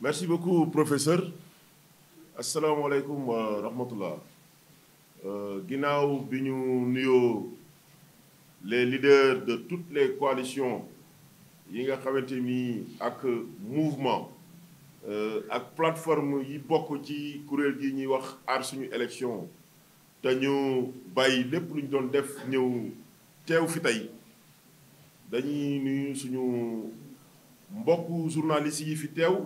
merci beaucoup professeur asalaamaaleykum wa rahmatullah euh, ginnaaw bi ñu nuyoo les leaders de toutes les coalitions yi nga xamante ni ak mouvement euh, ak plateforme yi bokk ci kuréel gi ñuy wax aar suñu élection te ñu bàyyi lépp lu ñu doon def ñëw teew fi tey dañuy nuyu suñu mbokku journalistes yi fi teew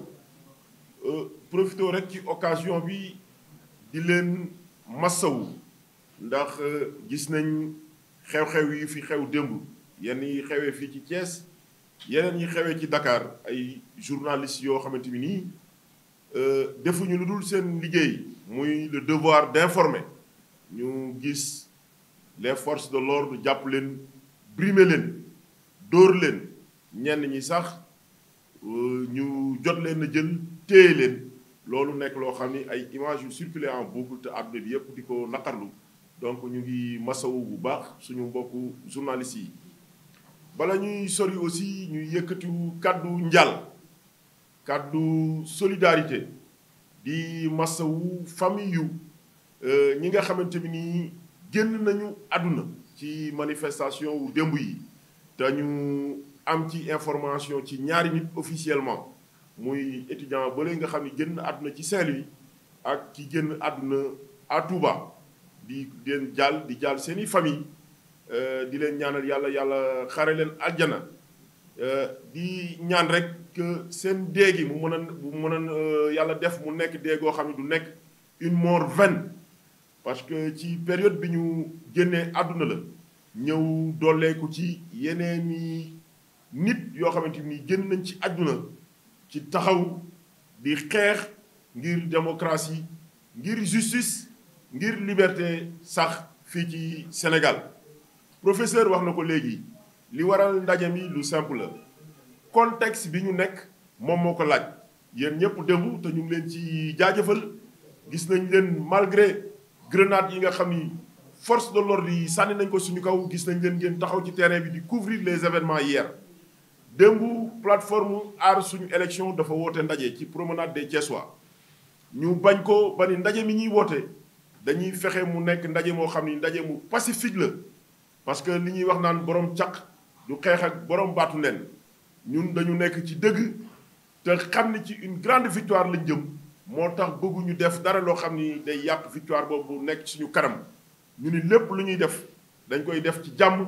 Euh, profité rek ci occasion bi di leen massawu ndax euh, gis nañ xew-xew yi fi xew démb yenn yi xewee fii ci Thiès yeneen yi xewee ci Dakar ay journalistes yoo xamante ni nii euh, defuñu lu dul seen liggéey muy le devoir d'informer ñu gis les forces de l'ordre jàpp leen brimer leen dóor leen ñenn ñi sax ñu jot leen a jël téye leen loolu nekk loo xam ni ay images yu circulé en boucle te àdduna bi yëpp di ko naqarlu donc ñu ngi wu bu baax suñu mbokku journalistes yi. bala ñuy sori aussi ñuy yëkkatiwu kàddu njàll kàddu solidarité di wu famille yu euh, ñi nga xamante bi nii génn nañu àdduna ci manifestation wu démb yi te ñu am ci information ci ñaari nit officiellement. muy étudiant ba léegi nga xam ne génn àdduna ci Saint-Louis ak ci génn àdduna à Touba di leen jàll di jàll seen i famille euh, di leen ñaanal yàlla yàlla xare leen àjjana euh, di ñaan rek seen dee mu mën a mu mën euh, yàlla def mu nekk déegoo xam ne du nekk une mort vaine parce que ci période bi ñu génnee àdduna la ñëw dooleeku ci yeneen nit yoo xamante ni génn nañ ci àdduna ci taxaw di xeex ngir démocratie ngir justice ngir liberté sax fii ci Sénégal professeur wax na ko léegi li waral ndaje mi lu simple la contexte bi ñu nekk moom moo ko laaj yéen ñëpp demu te ñu leen ci jaajëfal gis nañ leen malgré grenade yi nga xam ni force de l'ordre yi sànni nañ ko suñu kaw gis nañ leen ngeen taxaw ci terrain bi di couvrir les événements hier démb plateforme aar suñu élection dafa woote ndaje ci promenade des Thiessois ñu bañ ko ba ni ndaje mi ñuy woote dañuy fexe mu nekk ndaje moo xam ni ndaje mu pacifique la parce que li ñuy wax naan boroom caq du xeex ak borom baatu nen ñun dañu nekk ci dëgg te xam ni ci une grande victoire lañ jëm moo tax bëgguñu def dara loo xam ni day yàq victoire boobu nekk suñu kanam ñu ni lépp lu ñuy def dañ koy def ci jàmm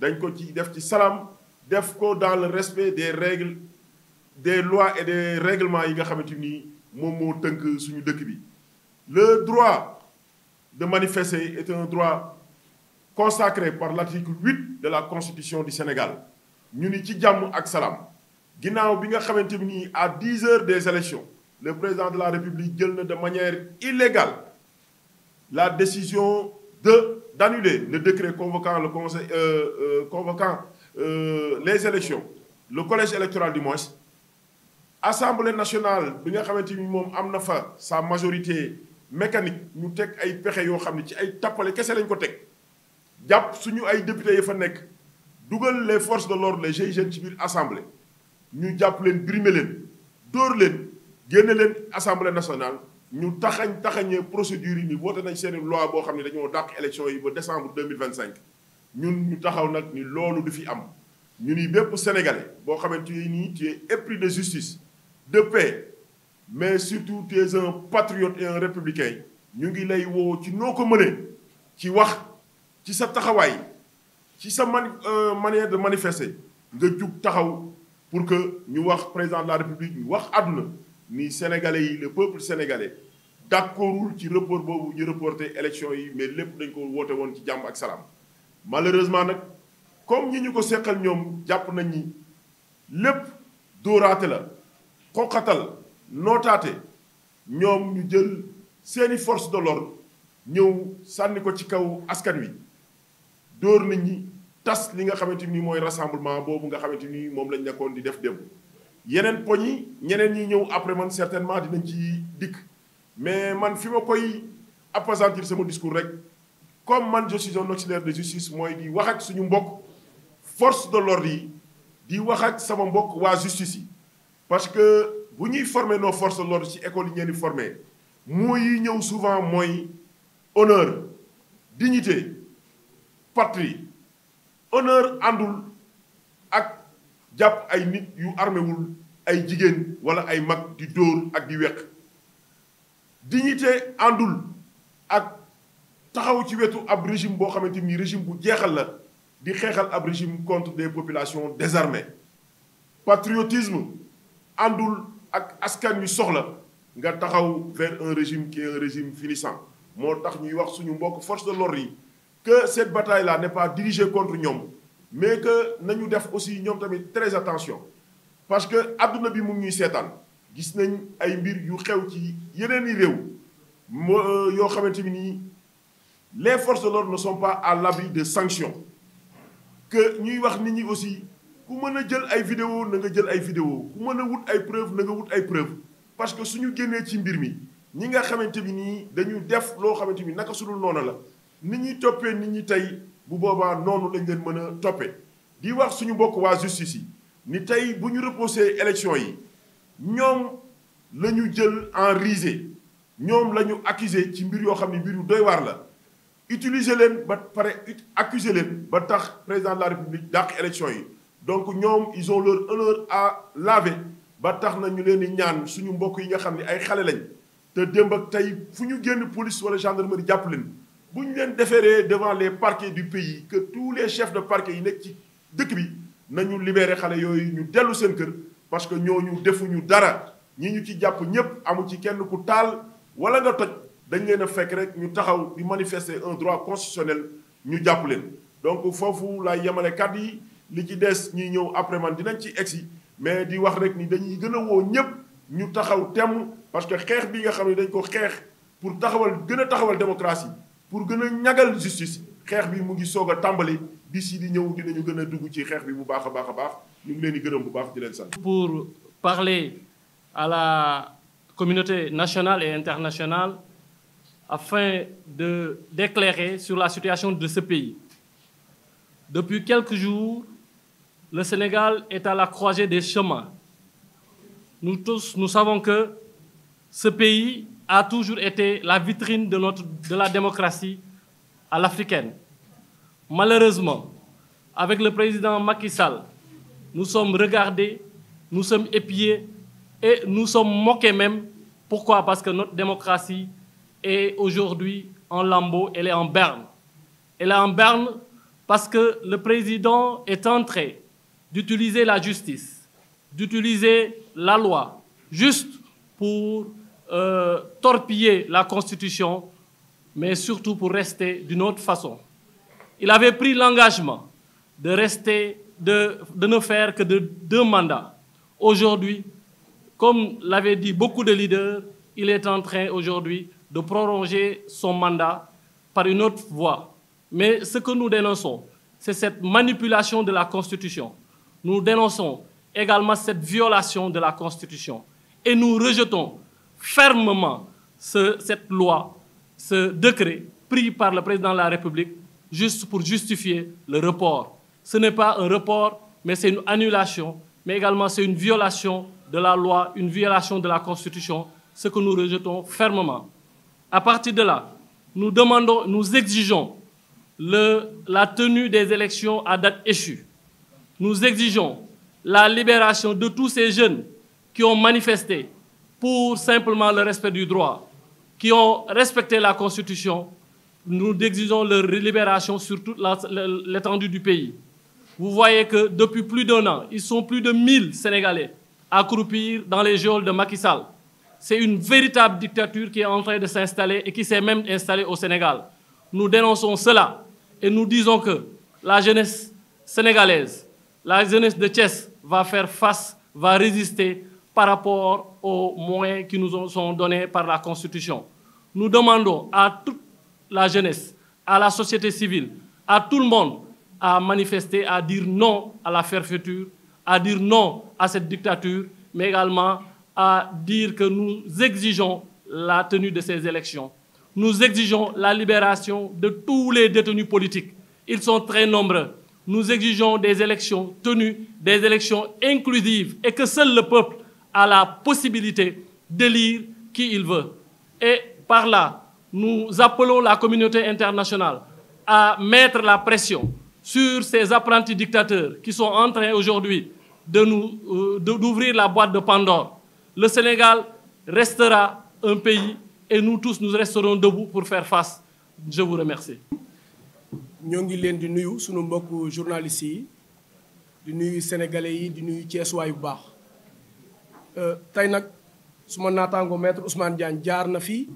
dañ ko ci def ci salaam def ko dans le respect des règles des lois et des règlements yi nga xamante ni moom moo tënk suñu dëkk bi le droit de manifester est un droit consacré par l'article 8 de la constitution du Sénégal ñu ni ci jàmm ak salaam ginnaaw bi nga xamante bi nii à 10 heures des élections le président de la République jël na de manière illégale la décision de d'annuler le décret convoquant le conseil euh, euh Euh, les elections le collège électoral du moins assemblée nationale bi nga xamante ni moom am na fa sa majorité mécanique ñu teg ay pexe yoo xam ne ci ay tappale kese lañ ko teg jàpp su ñu ay députés yi fa nekk dugal les forces de l'ordre les GIGN ci biir assemblée ñu jàpp leen brimer leen dóor leen génne leen assemblée nationale ñu taxañ taxañee procédure yi ni voté nañ seen loi boo xam ne dañoo dàq élection yi ba décembre ñun ñu taxaw nag ni loolu du fi am ñu nii bépp sénégalais boo xamante ni nii tu es épris de justice de paix mais surtout tu es un patriote et républicain ñu ngi lay woo ci noo ko mënee ci wax ci sa taxawaay ci sa man euh, manière de manifester nga jug taxaw pour que ñu wax président de la république ñu wax àdduna ni sénégalais yi le peuple sénégalais d'accordul ci report boobu ñu reporté élection yi mais lépp dañ ko woote woon ci jàmm ak salaam. malheureusement nag comme ñi ñu ko seqal ñoom jàpp nañ ni lépp dóoraate la xoqatal nootaate ñoom ñu jël seeni force de l'ordre ñëw sànni ko ci kaw askan wi dóor nañ ñi tas li nga xamante ni mooy rassemblement boobu nga xamante ni moom lañ nekkoon di def démb yeneen poñ yi ñeneen ñi ñëw après man certainement dinañ ci dikk mais man fi ma koy appesantir sama discours rek comme man je suis un auxiliaire de justice mooy di wax ak suñu mbokk force de l'ordre yi di wax ak sama mbokk waa justice yi parce que bu ñuy former noo force de l'ordre ci école yi ñeeni former moo yi ñëw souvent mooy honneur dignité patrie honneur àndul ak jàpp ay nit yu armewul ay jigéen wala ay mag di dóor ak di weq dignité àndul ak taxaw ci wetu ab régime boo xamante ni régime bu jeexal la di xeexal ab régime contre des populations désarmées patriotisme àndul ak askan wi soxla nga taxaw vers un régime qui est un régime finissant moo tax ñuy wax suñu mbokk force de yi que cette bataille là ne pas dirigée contre ñoom mais que nañu def aussi ñoom tamit très attention parce que adduna bi mu ngi ñuy seetaan gis nañ ay mbir yu xew ci yeneen i réew euh, yoo xamante ni. les forces de na ne sont pas à l'abri de sanctions kë ñuy wax nit ñi aussi ku mën a jël ay vidéo na nga jël ay vidéo ku mën a wut ay preuve na nga wut ay preuve parce que suñu génnee ci mbir mi ñi nga xamante bi nii dañu def loo xamante bi naka sudul noonu la nit ñuy toppee nit ñi tey bu boobaa noonu lañ leen mën a toppee di wax suñu mbokk waa justice yi ni tey bu ñu reposé élection yi ñoom la ñu jël en risée ñoom la ñu accusé ci mbir yoo xam ne mbir yu doy la utiliser leen ba pare accuser leen ba tax président de la république dàq élection yi donc ñoom ils ont leur honneur à laver ba tax na ñu leen di ñaan suñu mbokk yi nga xam ne ay xale lañ te démb ak tey fu ñu génn police wala gendarmerie jàpp leen bu ñu leen déféré devant les parquets du pays que tous les de parquet yi nekk ci dëkk bi nañu libéré xale yooyu ñu dellu seen kër parce que ñooñu defuñu dara ñi ñu ci jàpp ñépp amu ci kenn ku taal wala nga toj dañ leen a fekk rek ñu taxaw di manifester un droit constitutionnel ñu jàpp leen donc foofu laay yemale kat yi li ci des ñuy ñëw après man dinañ ci egsi mais di wax rek ni dañu gën a woo ñëpp ñu taxaw temm parce que xeex bi nga xam ne dañ ko xeex pour taxawal gën a taxawal démocratie pour gën a ñagal justice xeex bi mu ngi soog a tàmbali bis yi di ñëw dinañu gën a dugg ci xeex bi bu baax a baax a baax ñu ngi leen di gërëm bu baax di leen sant. pour parler à la communauté nationale et internationale. afin d'éclairer sur la situation de ce pays. Depuis quelques jours, le Sénégal est à la croisée des chemins. Nous tous, nous savons que ce pays a toujours été la vitrine de, notre, de la démocratie à l'africaine. Malheureusement, avec le président Macky Sall, nous sommes regardés, nous sommes épiés et nous sommes moqués même. Pourquoi Parce que notre démocratie est aujourd'hui en lambeaux, elle est en berne. Elle est en berne parce que le président est en train d'utiliser la justice, d'utiliser la loi, juste pour euh, torpiller la Constitution, mais surtout pour rester d'une autre façon. Il avait pris l'engagement de rester, de, de ne faire que de deux mandats. Aujourd'hui, comme l'avaient dit beaucoup de leaders, il est en train aujourd'hui de prolonger son mandat par une autre voie. Mais ce que nous dénonçons, c'est cette manipulation de la Constitution. Nous dénonçons également cette violation de la Constitution. Et nous rejetons fermement ce, cette loi, ce décret pris par le président de la République juste pour justifier le report. Ce n'est pas un report, mais c'est une annulation, mais également c'est une violation de la loi, une violation de la Constitution, ce que nous rejetons fermement. À partir de là, nous demandons, nous exigeons le, la tenue des élections à date échue. Nous exigeons la libération de tous ces jeunes qui ont manifesté pour simplement le respect du droit, qui ont respecté la Constitution. Nous exigeons leur libération sur toute l'étendue du pays. Vous voyez que depuis plus d'un an, ils sont plus de 1000 Sénégalais accroupis dans les geôles de Macky Sall. c'est une véritable dictature qui est en train de s'installer et qui s'est même installée au Sénégal. Nous dénonçons cela et nous disons que la jeunesse sénégalaise, la jeunesse de Thiès va faire face, va résister par rapport aux moyens qui nous sont donnés par la Constitution. Nous demandons à toute la jeunesse, à la société civile, à tout le monde à manifester, à dire non à la faire fermeture, à dire non à cette dictature, mais également à dire que nous exigeons la tenue de ces élections. Nous exigeons la libération de tous les détenus politiques. Ils sont très nombreux. Nous exigeons des élections tenues, des élections inclusives et que seul le peuple a la possibilité d'élire qui il veut. Et par là, nous appelons la communauté internationale à mettre la pression sur ces apprentis dictateurs qui sont en train aujourd'hui de nous euh, d'ouvrir la boîte de Pandore le Sénégal restera un pays et nous tous nous resterons debout pour faire face je vous remercie. ñoo ngi leen di nuyu sunu mbokk journalistes yi di nuyu sénégalais yi di nuyu ceesuwaay bu baax euh, tey nag suma naataango maître Ousmane Diagne jaar na fi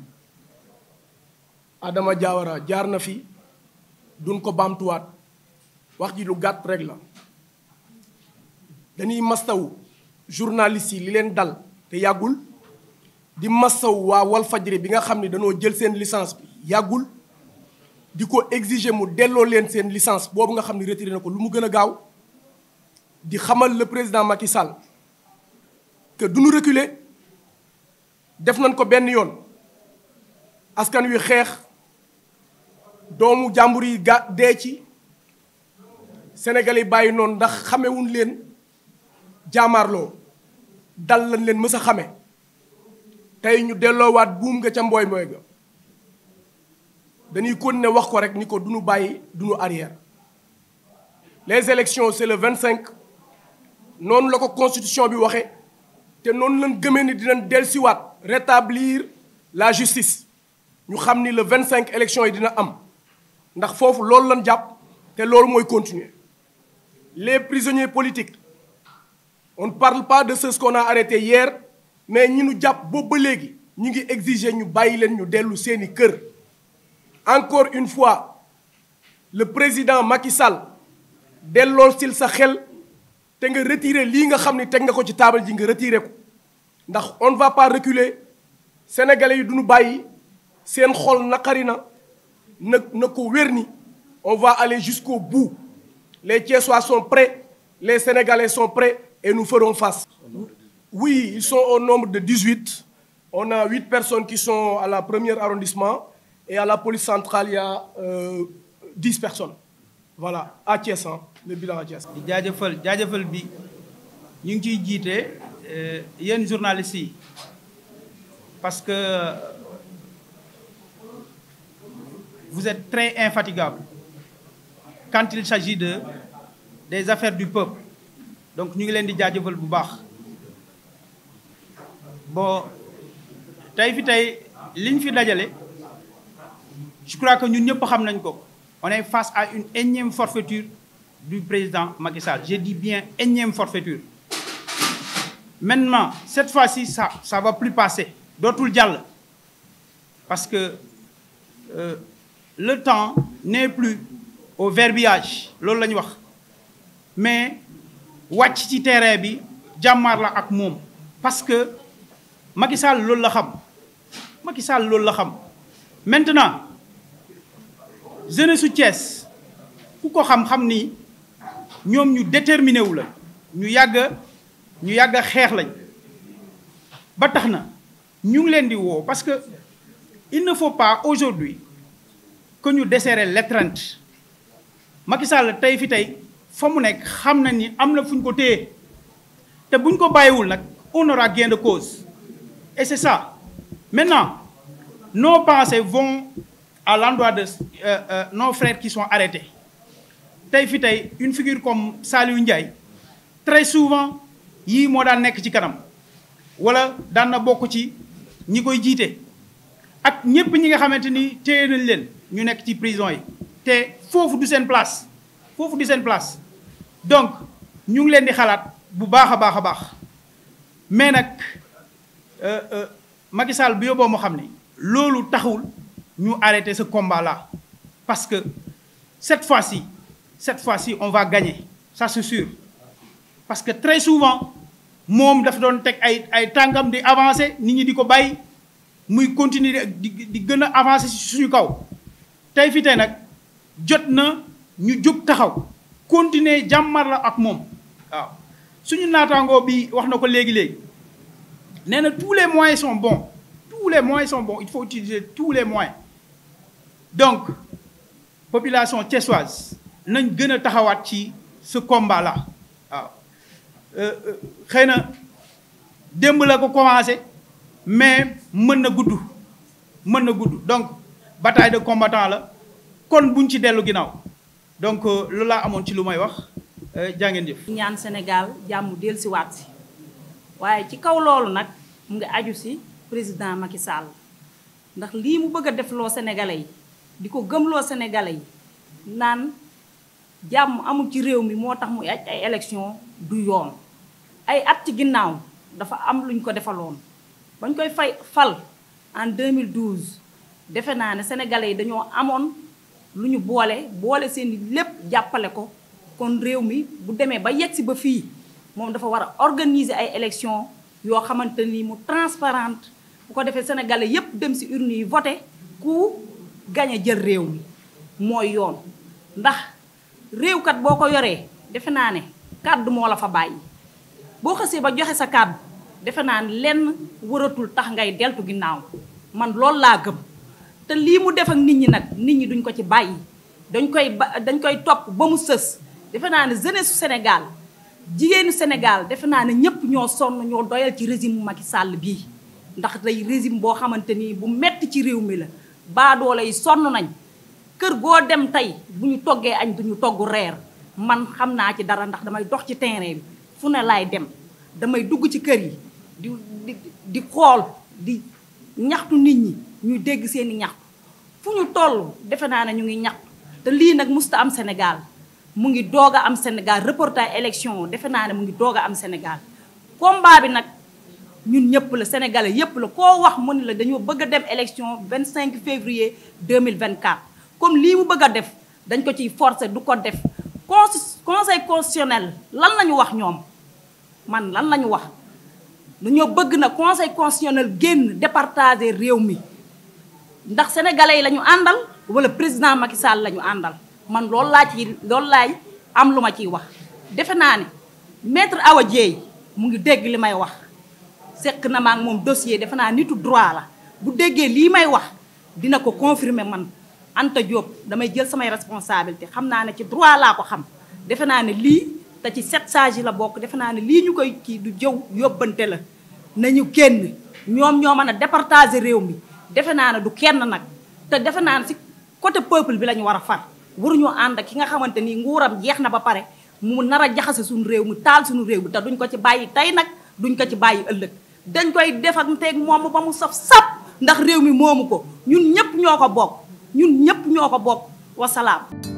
Adama Diawara jaar na fi dun ko baamtuwaat wax ji lu gàtt rek la dañuy mastaw journalistes yi li leen dal. te yàggul di masaw waa Walfajri bi nga xam ne dañoo jël seen licence bi yàggul di ko exigé mu delloo leen seen licence boobu nga xam ni retiré na ko lu mu gën a gaaw di xamal le président Macky Sall que du ñu reculer def nañ ko benn yoon askan wi xeex doomu jàmbur yi ga dee ci Sénégal yi bàyyi noonu ndax xamewuñ leen jaamaarloo dal lañ leen mës a xame tey ñu delloowaat buum nga ca mbooy mbooy ga dañuy ne wax ko rek ni ko dunu bàyyi duñu arrière les élections c'est le cinq noonu la ko constitution bi waxee te noonu lañ gëmee ni dinañ dellusiwaat rétablir la justice ñu xam ni le cinq élections yi dina am ndax foofu loolu lan jàpp te loolu mooy continuer les prisonniers politiques on ne parle pas de ceux qu'on a arrêté mais ñi nu jàpp boobu ba léegi ñu ngi exiger ñu bàyyi leen ñu dellu seeni kër encore une fois le président Macky Sall delloo sil sa xel te nga retirer lii nga xam ni teg nga ko ci taabal ji nga retirer ko ndax on ne va pas reculer sénégalais yi duñu bàyyi seen xool naqari na na na ko wér ni on va aller jusqu'au bout les Thiessois sont prêts les sénégalais son prêts et nous ferons face. Oui, ils sont au nombre de 18. On a 8 personnes qui sont à la première arrondissement et à la police centrale, il y a euh, personnes. Voilà, à Thiès, hein, le bilan jaajëfal jaajëfal bi ñu ngi ciy jiite euh, yéen journalistes parce que vous êtes très infatigable quand il s'agit de des affaires du peuple donc ñu ngi leen di jaajëfal bu baax bon tey fi tey li ñu fi dajale je crois que ñun ñëpp xam nañ ko on est face à une énième forfaiture du président Macky Sall je dis bien énième forfaiture maintenant cette fois-ci ça ça va plus passer dootul jàll parce que euh, le temps n'est plus au verbiage loolu la ñu wax mais wàcc ci terrain bi jàmmaar la ak moom parce que Macky Sall loolu la xam Macky Sall loolu la xam maintenant jeunesse su Thiès ku ko xam-xam ni ñoom ñu déterminé wu la ñu yàgg ñu yàgg xeex lañ ba tax na ñu ngi leen di woo parce que il ne faut pas aujourd'hui que ñu desserrer l'étreinte Macky Sall tey fi tey fa mu nekk xam na ni am na fu ñu ko téye te bu ñu ko bàyyiwul nag on aura gain de cause et c'est ça maintenant nos pensées von à l'endroit de euh, euh, nos frères qui sont arrêtés tey fi tey une figure comme Saliou Ndiaye très souvent yii moo daan nekk ci kanam wala daan na bokk ci ñi koy jiite ak ñépp ñi nga xamante ni téye nañ leen ñu nekk ci prison yi te foofu du seen place foofu du seen place donc ñu ngi leen di xalaat bu baax a baax a baax mais nag euh, euh, Macky Sall bu yóbboo moo xam ni loolu taxul ñu arrêter sa combat parce que cette fois-ci cette fois si on va gagner ça c'est sûr parce que très souvent moom dafa doon teg ay ay tànkam di avancer nit ñi di ko bàyyi muy continuer di di gën a avancer suñu kaw tey fi nag jot na ñu jóg taxaw continuer jàmmar la ak moom waaw suñu naataangoo bi wax na ko léegi-léegi nee na tous les moyens sont bons tous les moyens sont bons il faut utiliser tous les moyens donc population thiessoise nañ gën a taxawaat ci ce combat là waaw euh, euh, xëy na démb la ko commencé mais mën na gudd mën na gudd donc bataille de combattant la kon buñ ci dellu ginnaaw donc euh, loolu laa amoon ci lu may wax euh, jaa ngeen jëf. ñaan Sénégal jàmm dellusiwaat si waaye ci kaw loolu nag mu ngi aju si président Macky Sall ndax lii mu bëgg a def loo yi di ko gëmloo sénégalais yi naan jàmm amul ci réew mi moo tax mu aj ay élection du yoon. ay at ci ginnaaw dafa am luñ ko defaloon bañ koy fay fal en 2012 defe naa ne sénégalais yi dañoo amoon. lu ñu boole boole seeni lépp jàppale ko kon réew mi bu demee ba yegg si ba fii moom dafa war a organiser ay élection yoo xamante ni mu transparente bu ko defee sénégalais yépp dem si urne yi voté ku gañ a jël réew mi mooy yoon ndax réew kat boo ko yoree defe naa ne kàddu moo la fa bàyyi boo xasee ba joxe sa kàddu defe naa ne lenn waratul tax ngay deltu ginnaaw man loolu laa gëm te lii mu def ak nit ñi nag nit ñi duñ ko ci bàyyi dañ koy ba dañ koy topp ba mu sës defe naa ne jeunesse su jigéenu Sénégal defe naa ne ñëpp ñoo sonn ñoo doyal ci régime Macky sàll bii ndax tey résime boo xamante ni bu metti ci réew mi la baadoole yi sonn nañ kër goo dem tey bu ñu toggee añ duñu togg reer man xam naa ci dara ndax damay dox ci terrain bi fu ne laay dem damay dugg ci kër yi di di di xool di ñaxtu nit ñi ñu dégg seeni i ñaxtu fu ñu toll defe naa ne ñu ngi ñaxtu te lii nag musta am Sénégal mu ngi doog a am Sénégal reportage élection defe naa ne mu ngi doog am Sénégal combat bi nag ñun ñëpp la sénégalais yëpp la ko wax mu ne la dañoo bëgg a dem élection 25 février 2024 comme lii mu bëgg a def dañ ko ciy forcer du ko def conseil constitutionnel lan la ñu wax ñoom man lan la ñu wax dañoo bëgg na conseil constitutionnel génn départager réew mi ndax sénégalais yi la ñu àndal wala président Macky Sall la ñu àndal man lool laa ci loolu laay am lu ma ciy wax. defe naa ne maître Awa Dieye mu ngi dégg li may wax seq na ma moom dossier defe naa nitu droit la bu déggee lii may wax dina ko confirmer man Anta Diop damay jël samay responsabilité xam naa ne ci droit laa ko xam defe naa ne lii. te ci sept sages yi la bokk defe naa ne lii ñu koy kii du jëw yóbbante la nañu génn ñoom ñoo mën a départager réew mi defe naa ne du kenn nag te defe naa ne si côté peuple bi la ñu war a far waruñoo ànd ak ki nga xamante ni nguuram jeex na ba pare mu nar a jaxase suñu réew mu taal suñu réew mi te duñ ko ci bàyyi tey nag duñ ko ci bàyyi ëllëg dañ koy defar nteeg moom ba mu saf sap ndax réew mi moomu ko ñun ñëpp ñoo ko bokk ñun ñëpp ñoo ko bokk wasalaam.